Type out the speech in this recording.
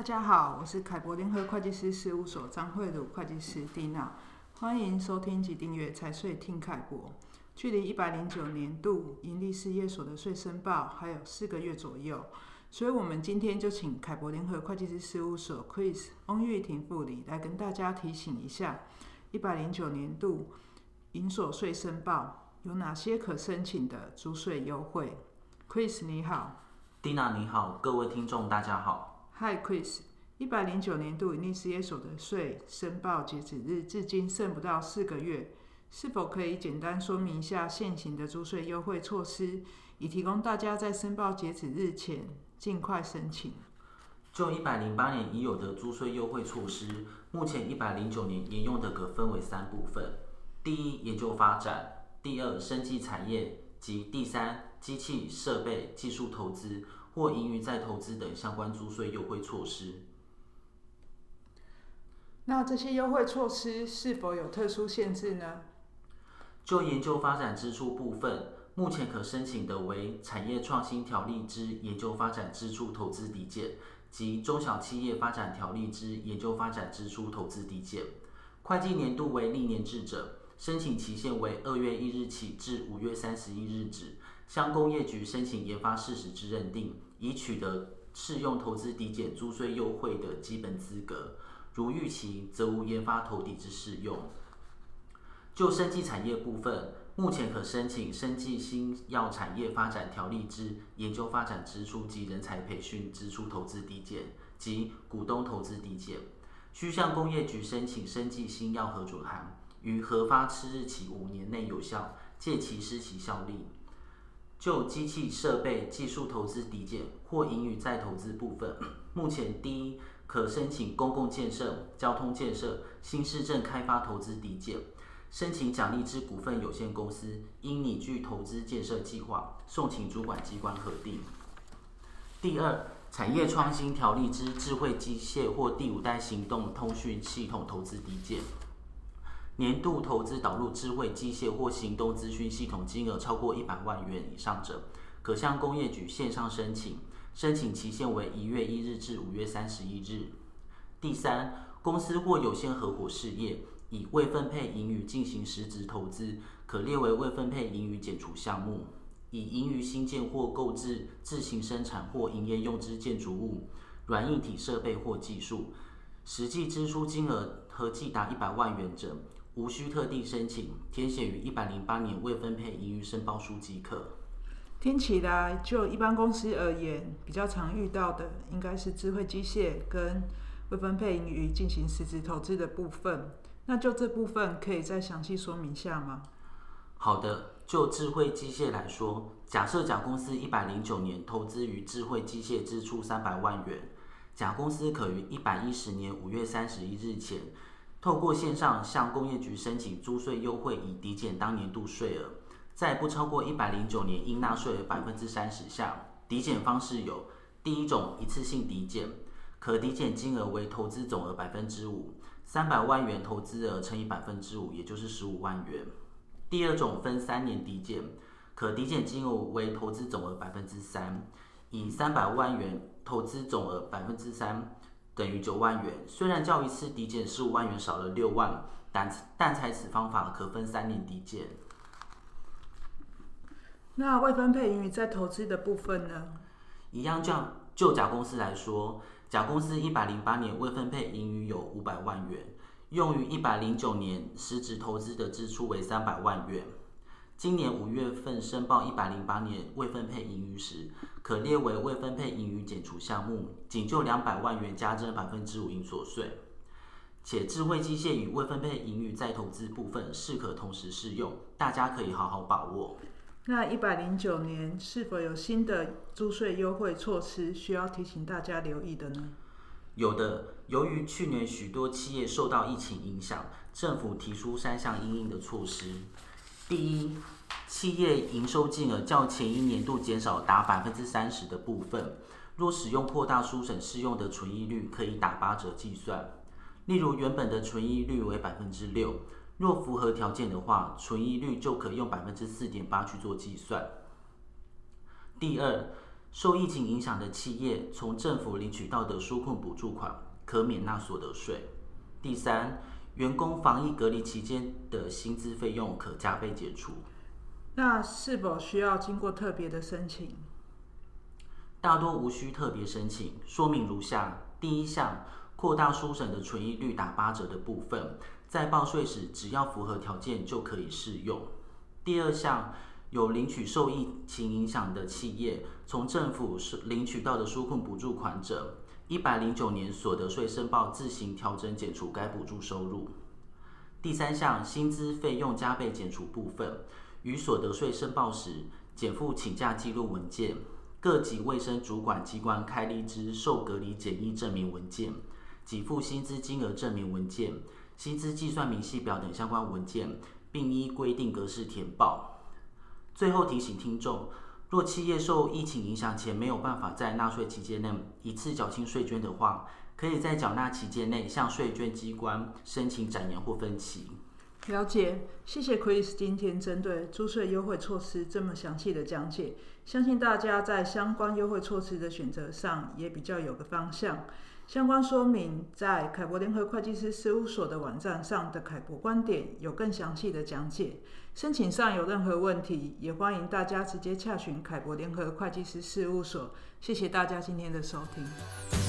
大家好，我是凱博聯合會計師事務所張慧如會計師蒂娜，歡迎收聽及訂閱財稅聽凱博。距離一百零九年度營利事業所得稅申報還有四個月左右，所以我們今天就請凱博聯合會計師事務所 Chris 翁玉婷助理來跟大家提醒一下，一百零九年度營所稅申報有哪些可申請的租稅優惠？Chris 你好，蒂娜你好，各位聽眾大家好。Hi Chris，一百零九年度營利事業所得稅申報截止日，至今剩不到四個月，是否可以簡單說明一下現行的租稅優惠措施，以提供大家在申報截止日前盡快申請？就一百零八年已有的租稅優惠措施，目前一百零九年沿用的可分為三部分：第一，研究發展；第二，生技產業；及第三，機器設備技術投資。或盈餘再投資等相關租稅優惠措施。那這些優惠措施是否有特殊限制呢？就研究發展支出部分，目前可申請的為產業創新條例之研究發展支出投資抵減及中小企業發展條例之研究發展支出投資抵減。會計年度為曆年制者，申請期限為二月一日起至五月三十一日止。向工業局申請研發事實之認定，以取得適用投資抵減、租稅優惠的基本資格。如逾期，則無研發投抵之適用。就生技產業部分，目前可申請《生技新藥產業發展條例》之研究發展支出及人才培訓支出投資抵減及股東投資抵減，需向工業局申請生技新藥核准函，於核發之日起五年內有效，屆期失其效力。就機器設備技術投資抵減或盈餘再投資部分，目前第一，可申請公共建設、交通建設、新市鎮開發投資抵減，申請獎勵之股份有限公司應擬具投資建設計劃，送請主管機關核定。第二，產業創新條例之智慧機械或第五代行動通訊系統投資抵減。年度投資導入智慧機械或行動資訊系統，金額超過一百萬元以上者，可向工業局線上申請。申請期限為一月一日至五月三十一日。第三，公司或有限合夥事業以未分配盈餘進行實質投資，可列為未分配盈餘減除項目。以盈餘新建或購置自行生產或營業用之建築物、軟硬體設備或技術，實際支出金額合計達一百萬元整。無需特定申請，填寫於一百零八年未分配盈餘申報書即可。聽起來就一般公司而言，比較常遇到的應該是智慧機械跟未分配盈餘進行實質投資的部分。那就這部分可以再詳細說明下嗎？好的，就智慧機械來說，假設甲公司一百零九年投資於智慧機械支出三百萬元，甲公司可於一百一十年五月三十一日前。透過線上向工業局申請租稅優惠，以抵減當年度稅額，在不超過一百零九年應納稅額百分之三十下，抵減方式有第一種一次性抵減，可抵減金額為投資總額百分之五，三百萬元投資額乘以百分之五，也就是十五萬元。第二種分三年抵減，可抵減金額為投資總額百分之三，以三百萬元投資總額百分之三，等於九萬元，雖然較一次抵減十五萬元少了六萬，但但採此方法可分三年抵減。那未分配盈餘再投資的部分呢？一樣就，就就甲公司來說，甲公司一百零八年未分配盈餘有五百萬元，用於一百零九年實質投資的支出為三百萬元。今年五月份申報一百零八年未分配盈餘時，可列為未分配盈餘減除項目，僅就兩百萬元加徵百分之五營所稅。且智慧機械與未分配盈餘再投資部分是可同時適用，大家可以好好把握。那一百零九年是否有新的租稅優惠措施需要提醒大家留意的呢？有的，由於去年許多企業受到疫情影響，政府提出三項因應的措施。第一，企業營收金額較前一年度減少達百分之三十的部分，若使用擴大書審適用的純益率，可以打八折計算。例如，原本的純益率為百分之六，若符合條件的話，純益率就可以用百分之四點八去做計算。第二，受疫情影響的企業從政府領取到的紓困補助款，可免納所得稅。第三，員工防疫隔離期間的薪資費用可加倍減除，那是否需要經過特別的申請？大多無需特別申請，說明如下：第一項，擴大書審的純益率打八折的部分，在報稅時只要符合條件就可以適用；第二項，有領取受疫情影響的企業從政府收領取到的紓困補助款者。一百零九年所得稅申報自行調整減除該補助收入。第三項薪資費用加倍減除部分，於所得稅申報時，檢附請假記錄文件、各級衛生主管機關開立之受隔離檢疫證明文件、給付薪資金額證明文件、薪資計算明細表等相關文件，並依規定格式填報。最後提醒聽眾。若企業受疫情影響且沒有辦法在納稅期間內一次繳清稅捐的話，可以在繳納期間內向稅捐機關申請展延或分期。了解，謝謝 Chris 今天針對租稅優惠措施這麼詳細的講解，相信大家在相關優惠措施的選擇上也比較有個方向。相關說明在凱博聯合會計師事務所的網站上的凱博觀點有更詳細的講解。申請上有任何問題，也歡迎大家直接洽詢凱博聯合會計師事務所。謝謝大家今天的收聽。